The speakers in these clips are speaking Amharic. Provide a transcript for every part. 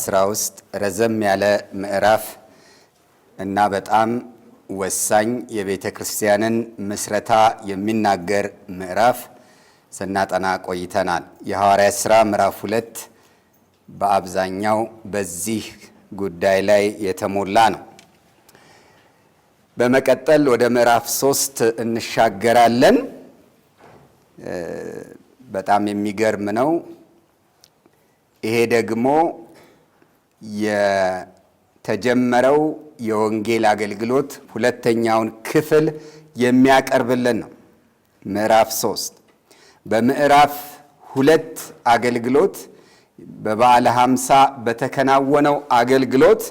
ሥራ ውስጥ ረዘም ያለ ምዕራፍ እና በጣም ወሳኝ የቤተ ክርስቲያንን ምስረታ የሚናገር ምዕራፍ ስናጠና ቆይተናል። የሐዋርያት ሥራ ምዕራፍ ሁለት በአብዛኛው በዚህ ጉዳይ ላይ የተሞላ ነው። በመቀጠል ወደ ምዕራፍ ሶስት እንሻገራለን። በጣም የሚገርም ነው። ይሄ ደግሞ የተጀመረው የወንጌል አገልግሎት ሁለተኛውን ክፍል የሚያቀርብልን ነው። ምዕራፍ ሶስት በምዕራፍ ሁለት አገልግሎት በበዓለ ሃምሳ በተከናወነው አገልግሎት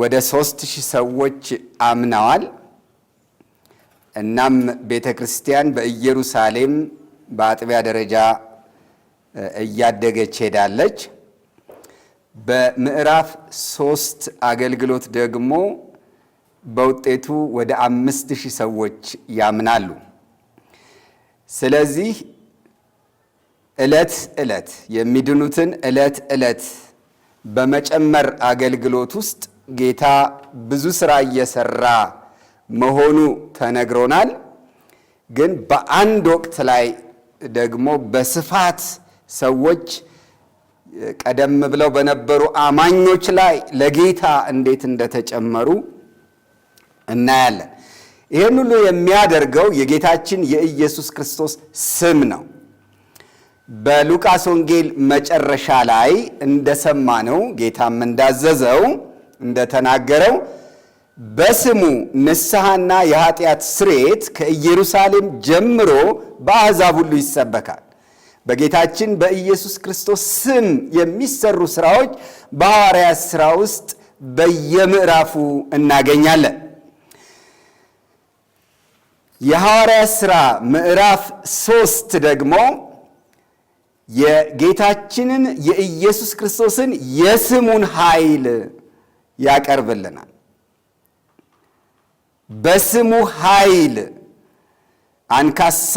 ወደ ሶስት ሺህ ሰዎች አምነዋል። እናም ቤተ ክርስቲያን በኢየሩሳሌም በአጥቢያ ደረጃ እያደገች ሄዳለች። በምዕራፍ ሶስት አገልግሎት ደግሞ በውጤቱ ወደ አምስት ሺህ ሰዎች ያምናሉ። ስለዚህ ዕለት ዕለት የሚድኑትን ዕለት ዕለት በመጨመር አገልግሎት ውስጥ ጌታ ብዙ ስራ እየሰራ መሆኑ ተነግሮናል። ግን በአንድ ወቅት ላይ ደግሞ በስፋት ሰዎች ቀደም ብለው በነበሩ አማኞች ላይ ለጌታ እንዴት እንደተጨመሩ እናያለን። ይህን ሁሉ የሚያደርገው የጌታችን የኢየሱስ ክርስቶስ ስም ነው። በሉቃስ ወንጌል መጨረሻ ላይ እንደሰማነው ጌታም እንዳዘዘው እንደተናገረው በስሙ ንስሐና የኃጢአት ስርየት ከኢየሩሳሌም ጀምሮ በአሕዛብ ሁሉ ይሰበካል በጌታችን በኢየሱስ ክርስቶስ ስም የሚሰሩ ስራዎች በሐዋርያት ስራ ውስጥ በየምዕራፉ እናገኛለን። የሐዋርያ ስራ ምዕራፍ ሶስት ደግሞ የጌታችንን የኢየሱስ ክርስቶስን የስሙን ኃይል ያቀርብልናል። በስሙ ኃይል አንካሳ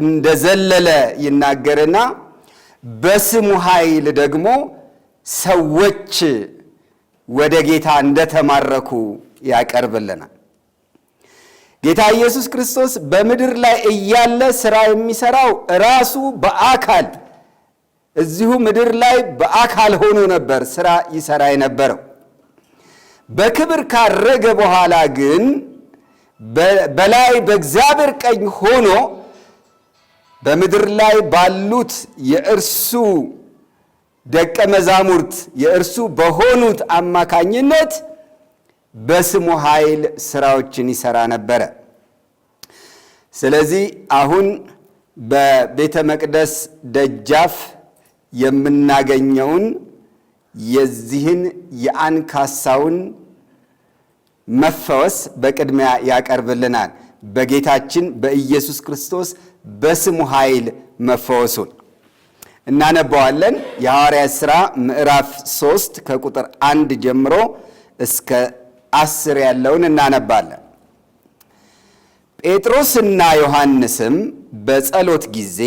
እንደዘለለ ይናገርና በስሙ ኃይል ደግሞ ሰዎች ወደ ጌታ እንደተማረኩ ያቀርብልናል። ጌታ ኢየሱስ ክርስቶስ በምድር ላይ እያለ ሥራ የሚሠራው ራሱ በአካል እዚሁ ምድር ላይ በአካል ሆኖ ነበር ሥራ ይሠራ የነበረው። በክብር ካረገ በኋላ ግን በላይ በእግዚአብሔር ቀኝ ሆኖ በምድር ላይ ባሉት የእርሱ ደቀ መዛሙርት የእርሱ በሆኑት አማካኝነት በስሙ ኃይል ስራዎችን ይሰራ ነበረ። ስለዚህ አሁን በቤተ መቅደስ ደጃፍ የምናገኘውን የዚህን የአንካሳውን መፈወስ በቅድሚያ ያቀርብልናል። በጌታችን በኢየሱስ ክርስቶስ በስሙ ኃይል መፈወሱን እናነባዋለን። የሐዋርያት ሥራ ምዕራፍ 3 ከቁጥር 1 ጀምሮ እስከ አስር ያለውን እናነባለን። ጴጥሮስና ዮሐንስም በጸሎት ጊዜ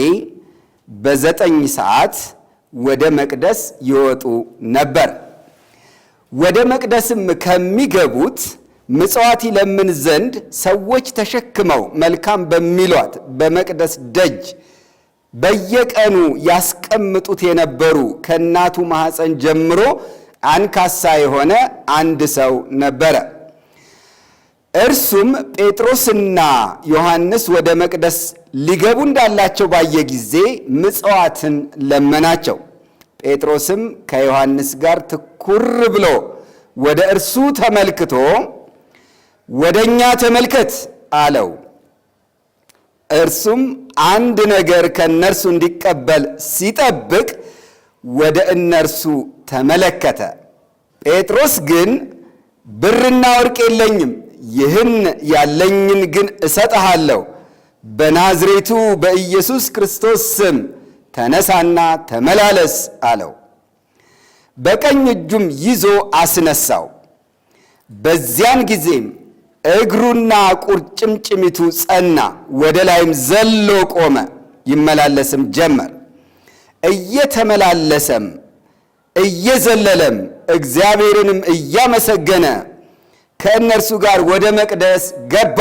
በዘጠኝ ሰዓት ወደ መቅደስ ይወጡ ነበር። ወደ መቅደስም ከሚገቡት ምጽዋት ይለምን ዘንድ ሰዎች ተሸክመው መልካም በሚሏት በመቅደስ ደጅ በየቀኑ ያስቀምጡት የነበሩ ከእናቱ ማኅፀን ጀምሮ አንካሳ የሆነ አንድ ሰው ነበረ። እርሱም ጴጥሮስና ዮሐንስ ወደ መቅደስ ሊገቡ እንዳላቸው ባየ ጊዜ ምጽዋትን ለመናቸው። ጴጥሮስም ከዮሐንስ ጋር ትኩር ብሎ ወደ እርሱ ተመልክቶ ወደ እኛ ተመልከት አለው። እርሱም አንድ ነገር ከእነርሱ እንዲቀበል ሲጠብቅ ወደ እነርሱ ተመለከተ። ጴጥሮስ ግን ብርና ወርቅ የለኝም፣ ይህን ያለኝን ግን እሰጥሃለሁ። በናዝሬቱ በኢየሱስ ክርስቶስ ስም ተነሳና ተመላለስ አለው። በቀኝ እጁም ይዞ አስነሳው። በዚያን ጊዜም እግሩና ቁርጭምጭሚቱ ጸና፣ ወደ ላይም ዘሎ ቆመ። ይመላለስም ጀመር። እየተመላለሰም እየዘለለም እግዚአብሔርንም እያመሰገነ ከእነርሱ ጋር ወደ መቅደስ ገባ።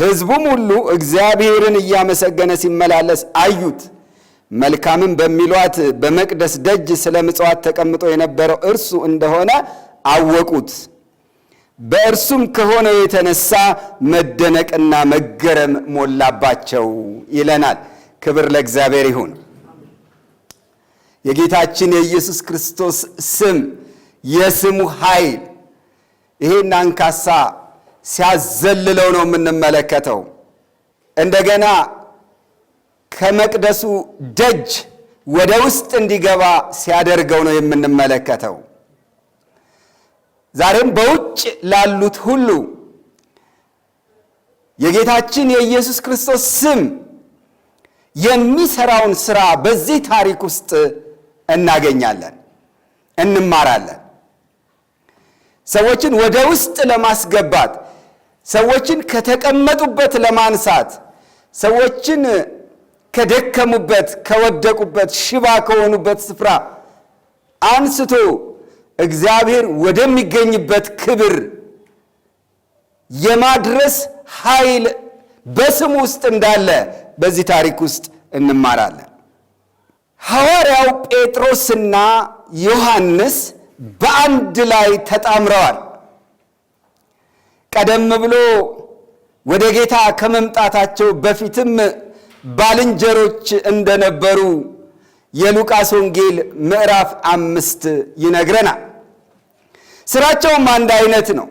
ሕዝቡም ሁሉ እግዚአብሔርን እያመሰገነ ሲመላለስ አዩት። መልካምም በሚሏት በመቅደስ ደጅ ስለ ምጽዋት ተቀምጦ የነበረው እርሱ እንደሆነ አወቁት። በእርሱም ከሆነ የተነሳ መደነቅና መገረም ሞላባቸው ይለናል። ክብር ለእግዚአብሔር ይሁን። የጌታችን የኢየሱስ ክርስቶስ ስም፣ የስሙ ኃይል ይሄን አንካሳ ሲያዘልለው ነው የምንመለከተው። እንደገና ከመቅደሱ ደጅ ወደ ውስጥ እንዲገባ ሲያደርገው ነው የምንመለከተው። ዛሬም በውጭ ላሉት ሁሉ የጌታችን የኢየሱስ ክርስቶስ ስም የሚሰራውን ስራ በዚህ ታሪክ ውስጥ እናገኛለን፣ እንማራለን። ሰዎችን ወደ ውስጥ ለማስገባት፣ ሰዎችን ከተቀመጡበት ለማንሳት፣ ሰዎችን ከደከሙበት፣ ከወደቁበት፣ ሽባ ከሆኑበት ስፍራ አንስቶ እግዚአብሔር ወደሚገኝበት ክብር የማድረስ ኃይል በስም ውስጥ እንዳለ በዚህ ታሪክ ውስጥ እንማራለን። ሐዋርያው ጴጥሮስና ዮሐንስ በአንድ ላይ ተጣምረዋል። ቀደም ብሎ ወደ ጌታ ከመምጣታቸው በፊትም ባልንጀሮች እንደነበሩ የሉቃስ ወንጌል ምዕራፍ አምስት ይነግረናል። ስራቸውም አንድ አይነት ነው።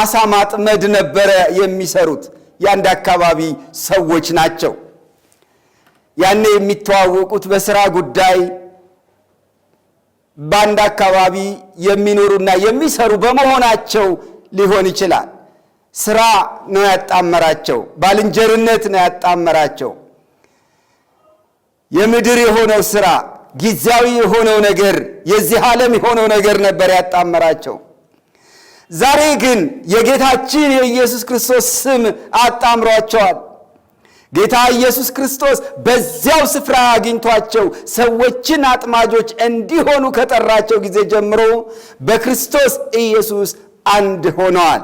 አሳ ማጥመድ ነበረ የሚሰሩት። የአንድ አካባቢ ሰዎች ናቸው። ያኔ የሚተዋወቁት በስራ ጉዳይ በአንድ አካባቢ የሚኖሩና የሚሰሩ በመሆናቸው ሊሆን ይችላል። ስራ ነው ያጣመራቸው፣ ባልንጀርነት ነው ያጣመራቸው፣ የምድር የሆነው ስራ ጊዜያዊ የሆነው ነገር የዚህ ዓለም የሆነው ነገር ነበር ያጣመራቸው። ዛሬ ግን የጌታችን የኢየሱስ ክርስቶስ ስም አጣምሯቸዋል። ጌታ ኢየሱስ ክርስቶስ በዚያው ስፍራ አግኝቷቸው ሰዎችን አጥማጆች እንዲሆኑ ከጠራቸው ጊዜ ጀምሮ በክርስቶስ ኢየሱስ አንድ ሆነዋል።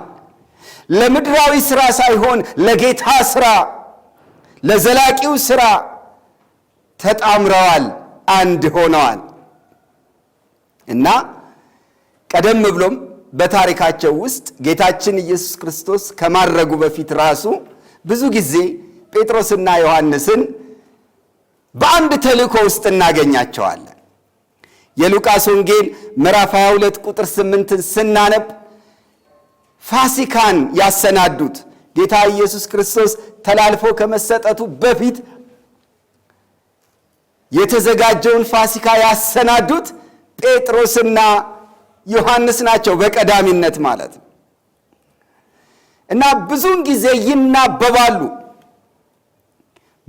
ለምድራዊ ሥራ ሳይሆን ለጌታ ሥራ፣ ለዘላቂው ሥራ ተጣምረዋል። አንድ ሆነዋል እና ቀደም ብሎም በታሪካቸው ውስጥ ጌታችን ኢየሱስ ክርስቶስ ከማድረጉ በፊት ራሱ ብዙ ጊዜ ጴጥሮስና ዮሐንስን በአንድ ተልእኮ ውስጥ እናገኛቸዋለን። የሉቃስ ወንጌል ምዕራፍ 22 ቁጥር 8ን ስናነብ ፋሲካን ያሰናዱት ጌታ ኢየሱስ ክርስቶስ ተላልፎ ከመሰጠቱ በፊት የተዘጋጀውን ፋሲካ ያሰናዱት ጴጥሮስና ዮሐንስ ናቸው፣ በቀዳሚነት ማለት ነው። እና ብዙውን ጊዜ ይናበባሉ፣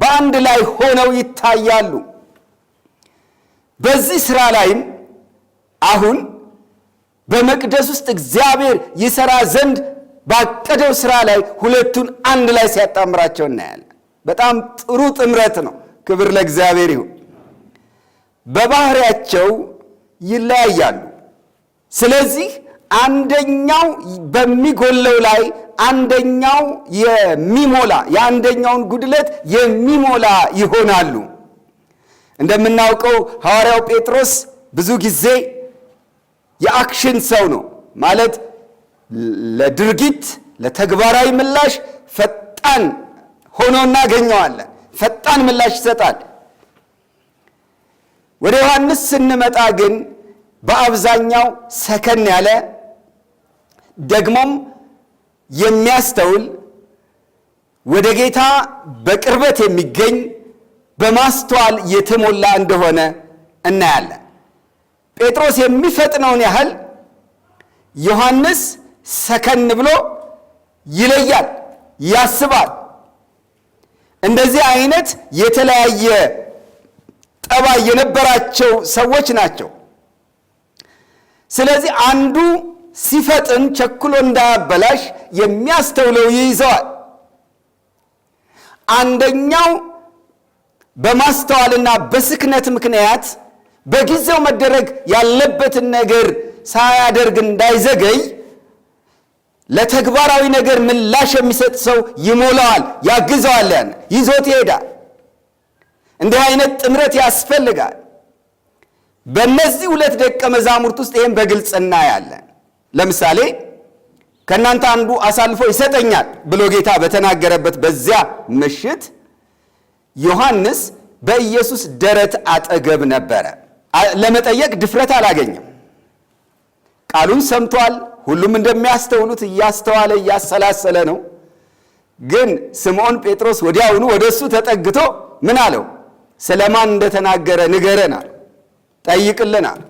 በአንድ ላይ ሆነው ይታያሉ። በዚህ ሥራ ላይም አሁን በመቅደስ ውስጥ እግዚአብሔር ይሠራ ዘንድ ባቀደው ሥራ ላይ ሁለቱን አንድ ላይ ሲያጣምራቸው እናያለን። በጣም ጥሩ ጥምረት ነው። ክብር ለእግዚአብሔር ይሁን። በባህሪያቸው ይለያያሉ። ስለዚህ አንደኛው በሚጎለው ላይ አንደኛው የሚሞላ የአንደኛውን ጉድለት የሚሞላ ይሆናሉ። እንደምናውቀው ሐዋርያው ጴጥሮስ ብዙ ጊዜ የአክሽን ሰው ነው። ማለት ለድርጊት ለተግባራዊ ምላሽ ፈጣን ሆኖ እናገኘዋለን። ፈጣን ምላሽ ይሰጣል። ወደ ዮሐንስ ስንመጣ ግን በአብዛኛው ሰከን ያለ ደግሞም የሚያስተውል ወደ ጌታ በቅርበት የሚገኝ በማስተዋል የተሞላ እንደሆነ እናያለን። ጴጥሮስ የሚፈጥነውን ያህል ዮሐንስ ሰከን ብሎ ይለያል፣ ያስባል። እንደዚህ አይነት የተለያየ ጠባይ የነበራቸው ሰዎች ናቸው። ስለዚህ አንዱ ሲፈጥን ቸኩሎ እንዳያበላሽ የሚያስተውለው ይይዘዋል። አንደኛው በማስተዋልና በስክነት ምክንያት በጊዜው መደረግ ያለበትን ነገር ሳያደርግ እንዳይዘገይ ለተግባራዊ ነገር ምላሽ የሚሰጥ ሰው ይሞላዋል፣ ያግዘዋል፣ ያን ይዞት ይሄዳል። እንዲህ አይነት ጥምረት ያስፈልጋል። በእነዚህ ሁለት ደቀ መዛሙርት ውስጥ ይህም በግልጽ እናያለን። ለምሳሌ ከእናንተ አንዱ አሳልፎ ይሰጠኛል ብሎ ጌታ በተናገረበት በዚያ ምሽት ዮሐንስ በኢየሱስ ደረት አጠገብ ነበረ። ለመጠየቅ ድፍረት አላገኘም። ቃሉን ሰምቷል። ሁሉም እንደሚያስተውሉት እያስተዋለ እያሰላሰለ ነው። ግን ስምዖን ጴጥሮስ ወዲያውኑ ወደ እሱ ተጠግቶ ምን አለው? ስለማን እንደተናገረ ንገረናል፣ ጠይቅልናል፣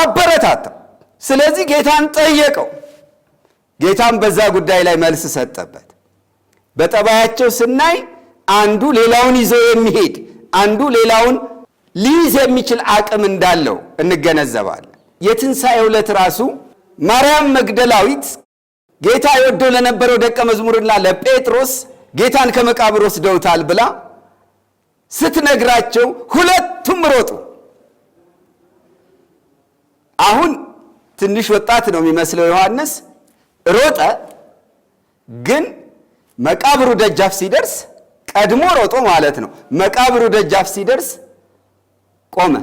አበረታታ። ስለዚህ ጌታን ጠየቀው። ጌታም በዛ ጉዳይ ላይ መልስ ሰጠበት። በጠባያቸው ስናይ አንዱ ሌላውን ይዞ የሚሄድ አንዱ ሌላውን ሊይዝ የሚችል አቅም እንዳለው እንገነዘባለን። የትንሣኤ ሁለት ራሱ ማርያም መግደላዊት ጌታ የወደው ለነበረው ደቀ መዝሙርና ለጴጥሮስ ጌታን ከመቃብር ወስደውታል ብላ ስትነግራቸው ሁለቱም ሮጡ። አሁን ትንሽ ወጣት ነው የሚመስለው ዮሐንስ ሮጠ፣ ግን መቃብሩ ደጃፍ ሲደርስ ቀድሞ ሮጦ ማለት ነው። መቃብሩ ደጃፍ ሲደርስ ቆመ።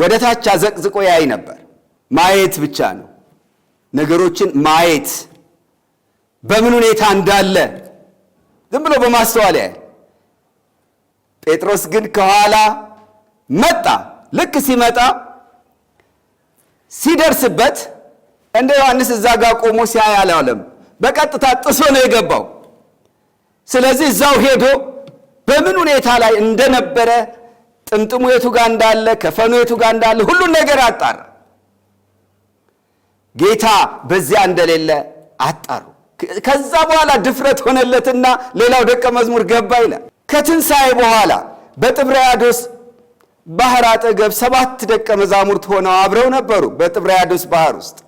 ወደ ታች አዘቅዝቆ ያይ ነበር። ማየት ብቻ ነው፣ ነገሮችን ማየት በምን ሁኔታ እንዳለ ዝም ብሎ በማስተዋል ያያል። ጴጥሮስ ግን ከኋላ መጣ። ልክ ሲመጣ ሲደርስበት እንደ ዮሐንስ እዛ ጋር ቆሞ ሲያይ አላለም። በቀጥታ ጥሶ ነው የገባው። ስለዚህ እዛው ሄዶ በምን ሁኔታ ላይ እንደነበረ ጥምጥሙ የቱ ጋር እንዳለ፣ ከፈኑ የቱ ጋር እንዳለ ሁሉን ነገር አጣራ። ጌታ በዚያ እንደሌለ አጣሩ። ከዛ በኋላ ድፍረት ሆነለትና ሌላው ደቀ መዝሙር ገባ ይላል። ከትንሣኤ በኋላ በጥብርያዶስ ባህር አጠገብ ሰባት ደቀ መዛሙርት ሆነው አብረው ነበሩ። በጥብርያዶስ ባህር ውስጥ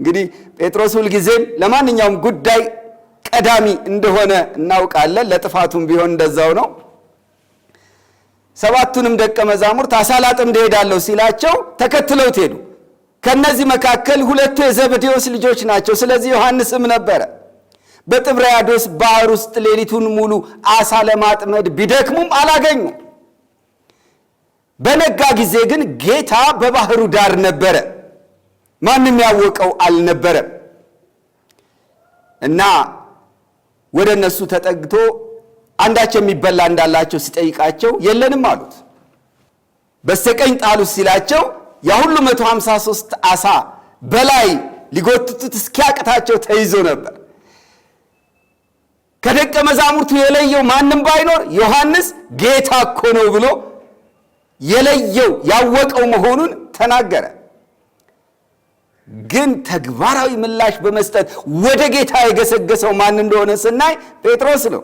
እንግዲህ ጴጥሮስ ሁልጊዜም ለማንኛውም ጉዳይ ቀዳሚ እንደሆነ እናውቃለን። ለጥፋቱም ቢሆን እንደዛው ነው። ሰባቱንም ደቀ መዛሙርት አሳ ላጥምድ እሄዳለሁ ሲላቸው ተከትለውት ሄዱ። ከእነዚህ መካከል ሁለቱ የዘብዴዎስ ልጆች ናቸው። ስለዚህ ዮሐንስም ነበረ። በጥብርያዶስ ባህር ውስጥ ሌሊቱን ሙሉ አሳ ለማጥመድ ቢደክሙም አላገኙም። በነጋ ጊዜ ግን ጌታ በባህሩ ዳር ነበረ፣ ማንም ያወቀው አልነበረም። እና ወደ እነሱ ተጠግቶ አንዳቸው የሚበላ እንዳላቸው ሲጠይቃቸው የለንም አሉት። በስተቀኝ ጣሉ ሲላቸው የሁሉ 153 አሳ በላይ ሊጎትቱት እስኪያቅታቸው ተይዞ ነበር። ከደቀ መዛሙርቱ የለየው ማንም ባይኖር ዮሐንስ ጌታ እኮ ነው ብሎ የለየው ያወቀው መሆኑን ተናገረ። ግን ተግባራዊ ምላሽ በመስጠት ወደ ጌታ የገሰገሰው ማን እንደሆነ ስናይ ጴጥሮስ ነው።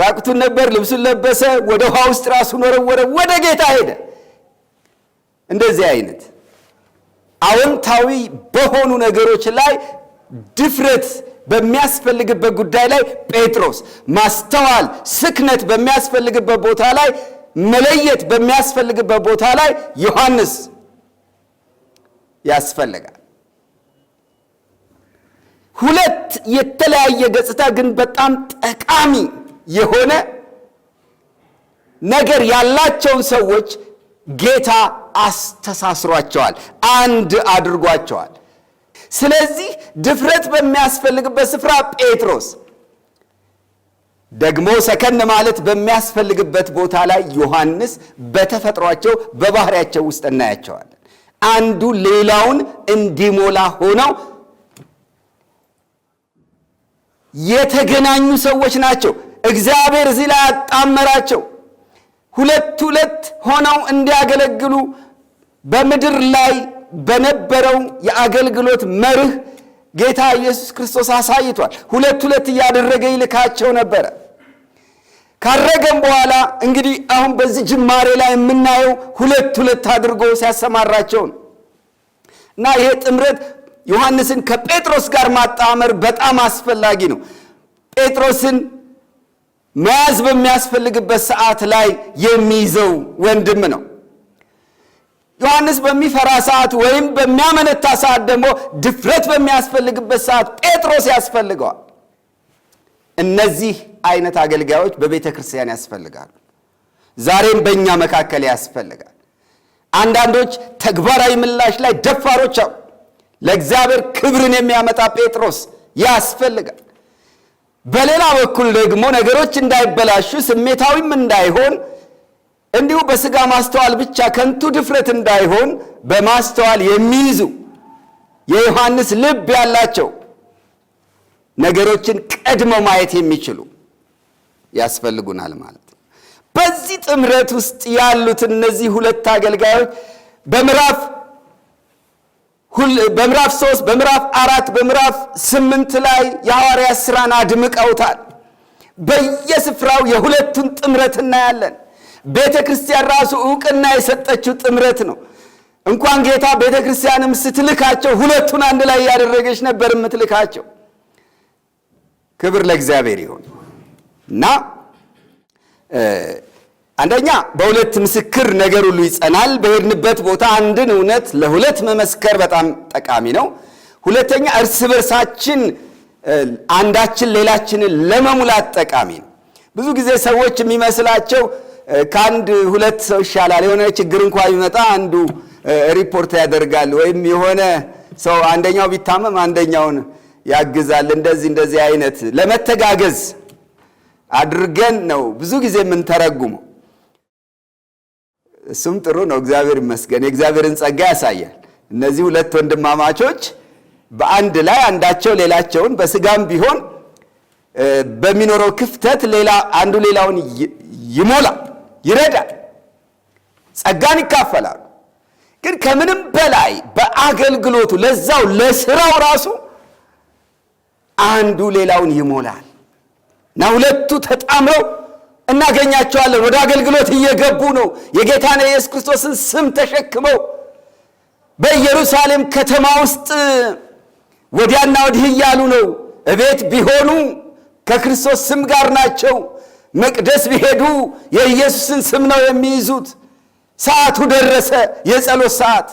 ራቁቱን ነበር፣ ልብሱን ለበሰ፣ ወደ ውሃ ውስጥ ራሱን ወረወረ፣ ወደ ጌታ ሄደ። እንደዚህ አይነት አዎንታዊ በሆኑ ነገሮች ላይ ድፍረት በሚያስፈልግበት ጉዳይ ላይ ጴጥሮስ ማስተዋል፣ ስክነት በሚያስፈልግበት ቦታ ላይ መለየት በሚያስፈልግበት ቦታ ላይ ዮሐንስ ያስፈልጋል። ሁለት የተለያየ ገጽታ ግን በጣም ጠቃሚ የሆነ ነገር ያላቸውን ሰዎች ጌታ አስተሳስሯቸዋል፣ አንድ አድርጓቸዋል። ስለዚህ ድፍረት በሚያስፈልግበት ስፍራ ጴጥሮስ ደግሞ ሰከን ማለት በሚያስፈልግበት ቦታ ላይ ዮሐንስ በተፈጥሯቸው በባህሪያቸው ውስጥ እናያቸዋለን። አንዱ ሌላውን እንዲሞላ ሆነው የተገናኙ ሰዎች ናቸው። እግዚአብሔር እዚህ ላይ አጣመራቸው። ሁለት ሁለት ሆነው እንዲያገለግሉ በምድር ላይ በነበረው የአገልግሎት መርህ ጌታ ኢየሱስ ክርስቶስ አሳይቷል። ሁለት ሁለት እያደረገ ይልካቸው ነበረ። ካረገም በኋላ እንግዲህ አሁን በዚህ ጅማሬ ላይ የምናየው ሁለት ሁለት አድርጎ ሲያሰማራቸው ነው እና ይሄ ጥምረት ዮሐንስን ከጴጥሮስ ጋር ማጣመር በጣም አስፈላጊ ነው። ጴጥሮስን መያዝ በሚያስፈልግበት ሰዓት ላይ የሚይዘው ወንድም ነው። ዮሐንስ በሚፈራ ሰዓት ወይም በሚያመነታ ሰዓት ደግሞ ድፍረት በሚያስፈልግበት ሰዓት ጴጥሮስ ያስፈልገዋል። እነዚህ አይነት አገልጋዮች በቤተ ክርስቲያን ያስፈልጋሉ። ዛሬም በእኛ መካከል ያስፈልጋል። አንዳንዶች ተግባራዊ ምላሽ ላይ ደፋሮች አሉ። ለእግዚአብሔር ክብርን የሚያመጣ ጴጥሮስ ያስፈልጋል። በሌላ በኩል ደግሞ ነገሮች እንዳይበላሹ ስሜታዊም እንዳይሆን እንዲሁ በስጋ ማስተዋል ብቻ ከንቱ ድፍረት እንዳይሆን በማስተዋል የሚይዙ የዮሐንስ ልብ ያላቸው ነገሮችን ቀድሞ ማየት የሚችሉ ያስፈልጉናል ማለት ነው። በዚህ ጥምረት ውስጥ ያሉት እነዚህ ሁለት አገልጋዮች በምዕራፍ በምዕራፍ ሶስት በምዕራፍ አራት በምዕራፍ ስምንት ላይ የሐዋርያ ሥራን አድምቀውታል። በየስፍራው የሁለቱን ጥምረት እናያለን። ቤተ ክርስቲያን ራሱ እውቅና የሰጠችው ጥምረት ነው። እንኳን ጌታ ቤተ ክርስቲያንም ስትልካቸው ሁለቱን አንድ ላይ እያደረገች ነበር የምትልካቸው። ክብር ለእግዚአብሔር ይሁን እና አንደኛ በሁለት ምስክር ነገር ሁሉ ይጸናል። በሄድንበት ቦታ አንድን እውነት ለሁለት መመስከር በጣም ጠቃሚ ነው። ሁለተኛ እርስ በርሳችን አንዳችን ሌላችንን ለመሙላት ጠቃሚ ነው። ብዙ ጊዜ ሰዎች የሚመስላቸው ከአንድ ሁለት ሰው ይሻላል። የሆነ ችግር እንኳ ቢመጣ አንዱ ሪፖርት ያደርጋል፣ ወይም የሆነ ሰው አንደኛው ቢታመም አንደኛውን ያግዛል። እንደዚህ እንደዚህ አይነት ለመተጋገዝ አድርገን ነው ብዙ ጊዜ የምንተረጉመው። እሱም ጥሩ ነው፣ እግዚአብሔር ይመስገን። የእግዚአብሔርን ጸጋ ያሳያል። እነዚህ ሁለት ወንድማማቾች በአንድ ላይ አንዳቸው ሌላቸውን በስጋም ቢሆን በሚኖረው ክፍተት ሌላ አንዱ ሌላውን ይሞላል። ይረዳል፣ ጸጋን ይካፈላሉ። ግን ከምንም በላይ በአገልግሎቱ ለዛው ለስራው ራሱ አንዱ ሌላውን ይሞላል እና ሁለቱ ተጣምረው እናገኛቸዋለን። ወደ አገልግሎት እየገቡ ነው። የጌታን የኢየሱስ ክርስቶስን ስም ተሸክመው በኢየሩሳሌም ከተማ ውስጥ ወዲያና ወዲህ እያሉ ነው። እቤት ቢሆኑ ከክርስቶስ ስም ጋር ናቸው። መቅደስ ቢሄዱ የኢየሱስን ስም ነው የሚይዙት። ሰዓቱ ደረሰ፣ የጸሎት ሰዓት።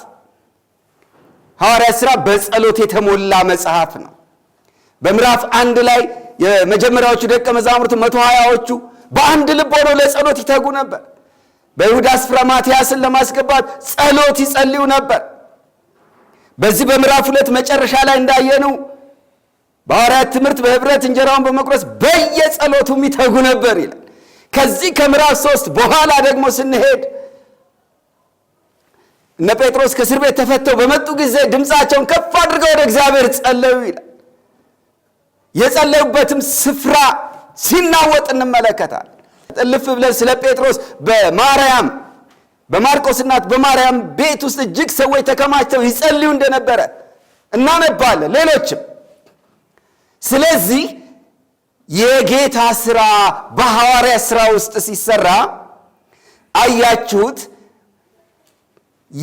ሐዋርያ ሥራ በጸሎት የተሞላ መጽሐፍ ነው። በምዕራፍ አንድ ላይ የመጀመሪያዎቹ ደቀ መዛሙርት መቶ ሀያዎቹ በአንድ ልብ ሆነው ለጸሎት ይተጉ ነበር። በይሁዳ ስፍራ ማትያስን ለማስገባት ጸሎት ይጸልዩ ነበር። በዚህ በምዕራፍ ሁለት መጨረሻ ላይ እንዳየነው ሐዋርያት ትምህርት በህብረት እንጀራውን በመቁረስ በየጸሎቱ የሚተጉ ነበር ይላል። ከዚህ ከምዕራፍ ሶስት በኋላ ደግሞ ስንሄድ እነ ጴጥሮስ ከእስር ቤት ተፈተው በመጡ ጊዜ ድምፃቸውን ከፍ አድርገው ወደ እግዚአብሔር ጸለዩ ይላል። የጸለዩበትም ስፍራ ሲናወጥ እንመለከታለን። ጥልፍ ብለን ስለ ጴጥሮስ በማርያም በማርቆስ እናት በማርያም ቤት ውስጥ እጅግ ሰዎች ተከማችተው ይጸልዩ እንደነበረ እናነባለን። ሌሎችም ስለዚህ የጌታ ስራ በሐዋርያ ስራ ውስጥ ሲሰራ አያችሁት፣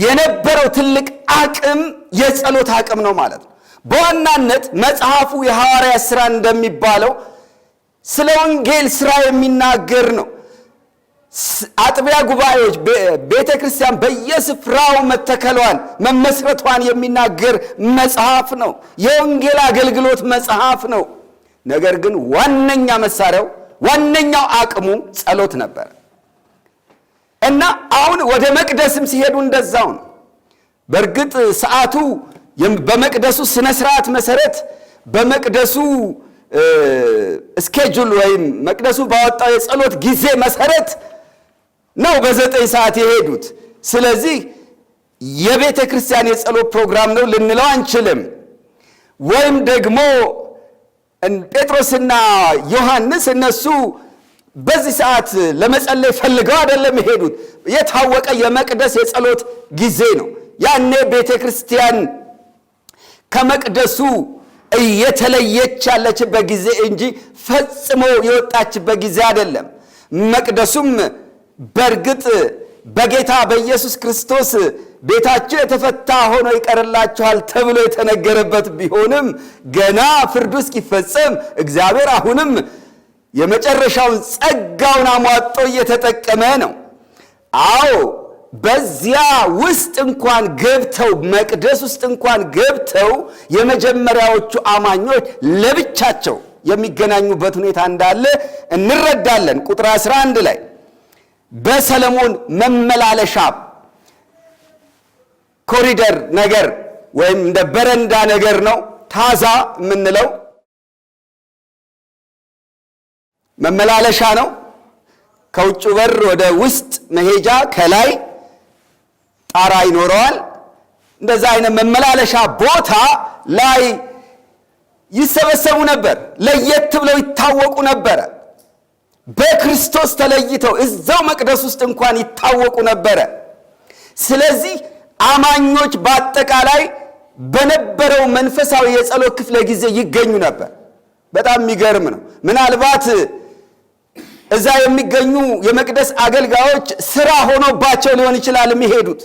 የነበረው ትልቅ አቅም የጸሎት አቅም ነው ማለት ነው። በዋናነት መጽሐፉ የሐዋርያ ስራ እንደሚባለው ስለ ወንጌል ስራ የሚናገር ነው። አጥቢያ ጉባኤዎች ቤተ ክርስቲያን በየስፍራው መተከሏን መመስረቷን የሚናገር መጽሐፍ ነው። የወንጌል አገልግሎት መጽሐፍ ነው። ነገር ግን ዋነኛ መሳሪያው ዋነኛው አቅሙ ጸሎት ነበር እና አሁን ወደ መቅደስም ሲሄዱ እንደዛው ነው። በእርግጥ ሰዓቱ በመቅደሱ ስነ ስርዓት መሰረት በመቅደሱ እስኬጁል ወይም መቅደሱ ባወጣው የጸሎት ጊዜ መሰረት ነው በዘጠኝ ሰዓት የሄዱት። ስለዚህ የቤተ ክርስቲያን የጸሎት ፕሮግራም ነው ልንለው አንችልም። ወይም ደግሞ ጴጥሮስና ዮሐንስ እነሱ በዚህ ሰዓት ለመጸለይ ፈልገው አይደለም የሄዱት። የታወቀ የመቅደስ የጸሎት ጊዜ ነው። ያኔ ቤተ ክርስቲያን ከመቅደሱ እየተለየች ያለችበት ጊዜ እንጂ ፈጽሞ የወጣችበት ጊዜ አይደለም። መቅደሱም በእርግጥ በጌታ በኢየሱስ ክርስቶስ ቤታችሁ የተፈታ ሆኖ ይቀርላችኋል ተብሎ የተነገረበት ቢሆንም ገና ፍርዱ እስኪፈጸም እግዚአብሔር አሁንም የመጨረሻውን ጸጋውን አሟጦ እየተጠቀመ ነው። አዎ በዚያ ውስጥ እንኳን ገብተው መቅደስ ውስጥ እንኳን ገብተው የመጀመሪያዎቹ አማኞች ለብቻቸው የሚገናኙበት ሁኔታ እንዳለ እንረዳለን። ቁጥር 11 ላይ በሰለሞን መመላለሻ ኮሪደር ነገር ወይም እንደ በረንዳ ነገር ነው። ታዛ የምንለው መመላለሻ ነው። ከውጭ በር ወደ ውስጥ መሄጃ ከላይ ጣራ ይኖረዋል። እንደዛ አይነት መመላለሻ ቦታ ላይ ይሰበሰቡ ነበር። ለየት ብለው ይታወቁ ነበረ። በክርስቶስ ተለይተው እዛው መቅደስ ውስጥ እንኳን ይታወቁ ነበረ። ስለዚህ አማኞች በአጠቃላይ በነበረው መንፈሳዊ የጸሎት ክፍለ ጊዜ ይገኙ ነበር። በጣም የሚገርም ነው። ምናልባት እዛ የሚገኙ የመቅደስ አገልጋዮች ስራ ሆኖባቸው ሊሆን ይችላል የሚሄዱት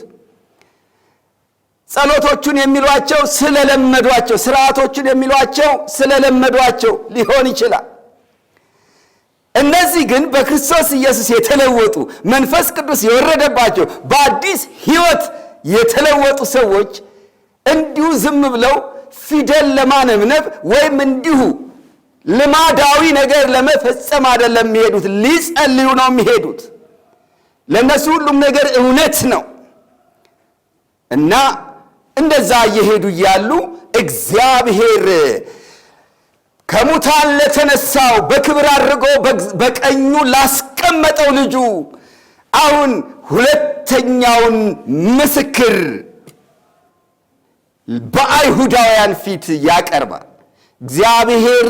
ጸሎቶቹን የሚሏቸው ስለለመዷቸው፣ ስርዓቶቹን የሚሏቸው ስለለመዷቸው ሊሆን ይችላል። እነዚህ ግን በክርስቶስ ኢየሱስ የተለወጡ መንፈስ ቅዱስ የወረደባቸው በአዲስ ሕይወት የተለወጡ ሰዎች እንዲሁ ዝም ብለው ፊደል ለማነብነብ ወይም እንዲሁ ልማዳዊ ነገር ለመፈጸም አይደለም የሚሄዱት፣ ሊጸልዩ ነው የሚሄዱት። ለእነሱ ሁሉም ነገር እውነት ነው እና እንደዛ እየሄዱ እያሉ እግዚአብሔር ከሙታን ለተነሳው በክብር አድርጎ በቀኙ ላስቀመጠው ልጁ አሁን ሁለተኛውን ምስክር በአይሁዳውያን ፊት ያቀርባል። እግዚአብሔር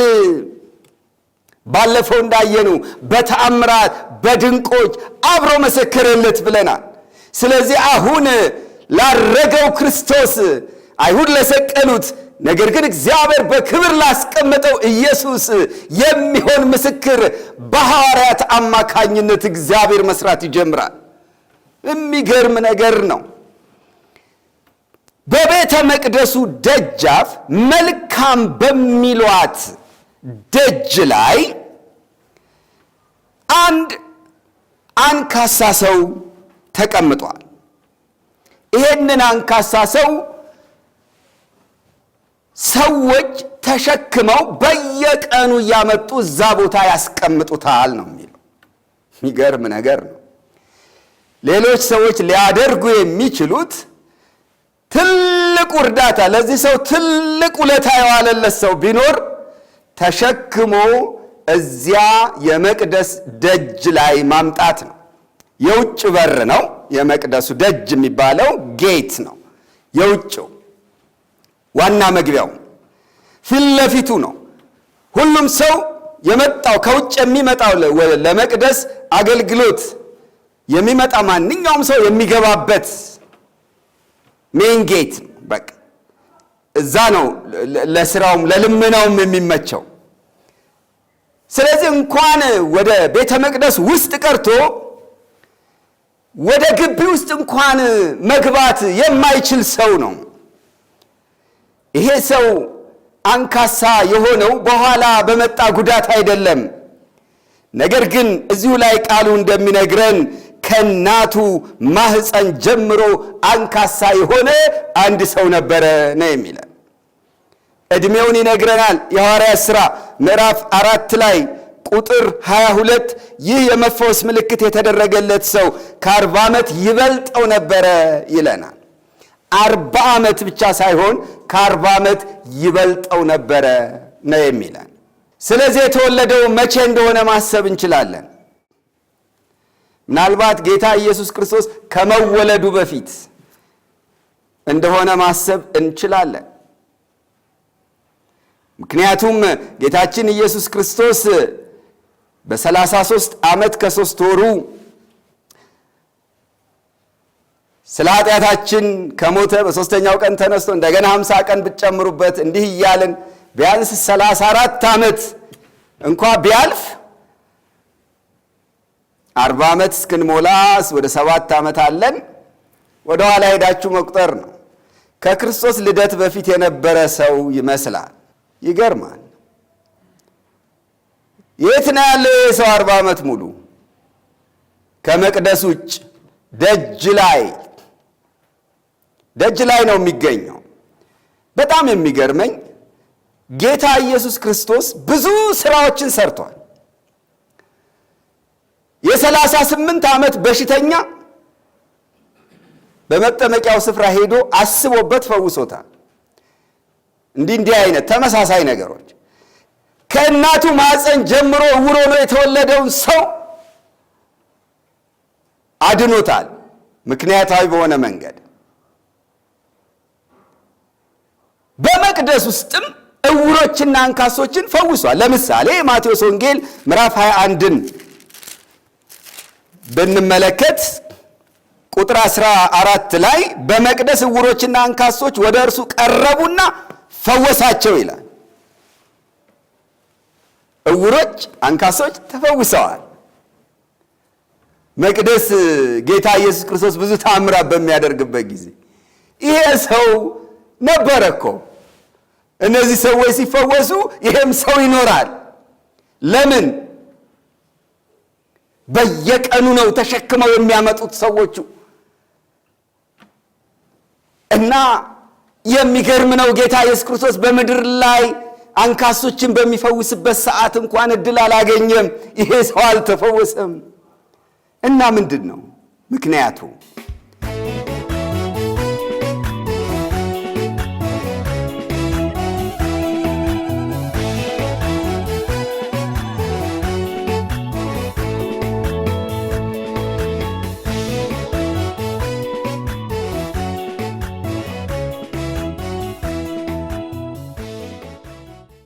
ባለፈው እንዳየኑ በተአምራት በድንቆች አብሮ መሰከረለት ብለናል። ስለዚህ አሁን ላረገው ክርስቶስ አይሁድ ለሰቀሉት ነገር ግን እግዚአብሔር በክብር ላስቀመጠው ኢየሱስ የሚሆን ምስክር በሐዋርያት አማካኝነት እግዚአብሔር መስራት ይጀምራል። የሚገርም ነገር ነው። በቤተ መቅደሱ ደጃፍ መልካም በሚሏት ደጅ ላይ አንድ አንካሳ ሰው ተቀምጧል። ይሄንን አንካሳ ሰው ሰዎች ተሸክመው በየቀኑ እያመጡ እዛ ቦታ ያስቀምጡታል ነው የሚለው። የሚገርም ነገር ነው። ሌሎች ሰዎች ሊያደርጉ የሚችሉት ትልቁ እርዳታ ለዚህ ሰው ትልቅ ውለታ የዋለለት ሰው ቢኖር ተሸክሞ እዚያ የመቅደስ ደጅ ላይ ማምጣት ነው። የውጭ በር ነው የመቅደሱ ደጅ የሚባለው ጌት ነው የውጭው ዋና መግቢያው ፊት ለፊቱ ነው። ሁሉም ሰው የመጣው ከውጭ የሚመጣው ለመቅደስ አገልግሎት የሚመጣ ማንኛውም ሰው የሚገባበት ሜን ጌት በቃ እዛ ነው። ለስራውም ለልመናውም የሚመቸው ስለዚህ እንኳን ወደ ቤተ መቅደስ ውስጥ ቀርቶ ወደ ግቢ ውስጥ እንኳን መግባት የማይችል ሰው ነው። ይሄ ሰው አንካሳ የሆነው በኋላ በመጣ ጉዳት አይደለም። ነገር ግን እዚሁ ላይ ቃሉ እንደሚነግረን ከእናቱ ማህፀን ጀምሮ አንካሳ የሆነ አንድ ሰው ነበረ ነው የሚለ ዕድሜውን ይነግረናል። የሐዋርያ ሥራ ምዕራፍ አራት ላይ ቁጥር 22 ይህ የመፈወስ ምልክት የተደረገለት ሰው ከአርባ ዓመት ይበልጠው ነበረ ይለናል። አርባ ዓመት ብቻ ሳይሆን ከአርባ ዓመት ይበልጠው ነበረ ነው የሚለን። ስለዚህ የተወለደው መቼ እንደሆነ ማሰብ እንችላለን። ምናልባት ጌታ ኢየሱስ ክርስቶስ ከመወለዱ በፊት እንደሆነ ማሰብ እንችላለን። ምክንያቱም ጌታችን ኢየሱስ ክርስቶስ በሰላሳ 33 ዓመት ከሶስት ወሩ ስለ ኃጢአታችን ከሞተ በሦስተኛው ቀን ተነስቶ እንደገና ሀምሳ ቀን ብትጨምሩበት እንዲህ እያልን ቢያንስ ሰላሳ አራት ዓመት እንኳ ቢያልፍ አርባ ዓመት እስክንሞላስ ወደ ሰባት ዓመት አለን። ወደ ኋላ ሄዳችሁ መቁጠር ነው። ከክርስቶስ ልደት በፊት የነበረ ሰው ይመስላል። ይገርማል። የት ነው ያለው የሰው አርባ ዓመት ሙሉ ከመቅደስ ውጭ ደጅ ላይ ደጅ ላይ ነው የሚገኘው። በጣም የሚገርመኝ ጌታ ኢየሱስ ክርስቶስ ብዙ ስራዎችን ሰርቷል። የሰላሳ ስምንት ዓመት በሽተኛ በመጠመቂያው ስፍራ ሄዶ አስቦበት ፈውሶታል። እንዲህ እንዲህ አይነት ተመሳሳይ ነገሮች ከእናቱ ማፀን ጀምሮ እውሮ ሆኖ የተወለደውን ሰው አድኖታል ምክንያታዊ በሆነ መንገድ በመቅደስ ውስጥም እውሮችና አንካሶችን ፈውሷል። ለምሳሌ ማቴዎስ ወንጌል ምዕራፍ 21ን ብንመለከት ቁጥር 14 ላይ በመቅደስ እውሮችና አንካሶች ወደ እርሱ ቀረቡና ፈወሳቸው ይላል። እውሮች፣ አንካሶች ተፈውሰዋል። መቅደስ ጌታ ኢየሱስ ክርስቶስ ብዙ ታምራት በሚያደርግበት ጊዜ ይሄ ሰው ነበረ እኮ እነዚህ ሰዎች ሲፈወሱ ይሄም ሰው ይኖራል። ለምን? በየቀኑ ነው ተሸክመው የሚያመጡት ሰዎቹ። እና የሚገርም ነው ጌታ ኢየሱስ ክርስቶስ በምድር ላይ አንካሶችን በሚፈውስበት ሰዓት እንኳን እድል አላገኘም። ይሄ ሰው አልተፈወሰም። እና ምንድን ነው ምክንያቱ?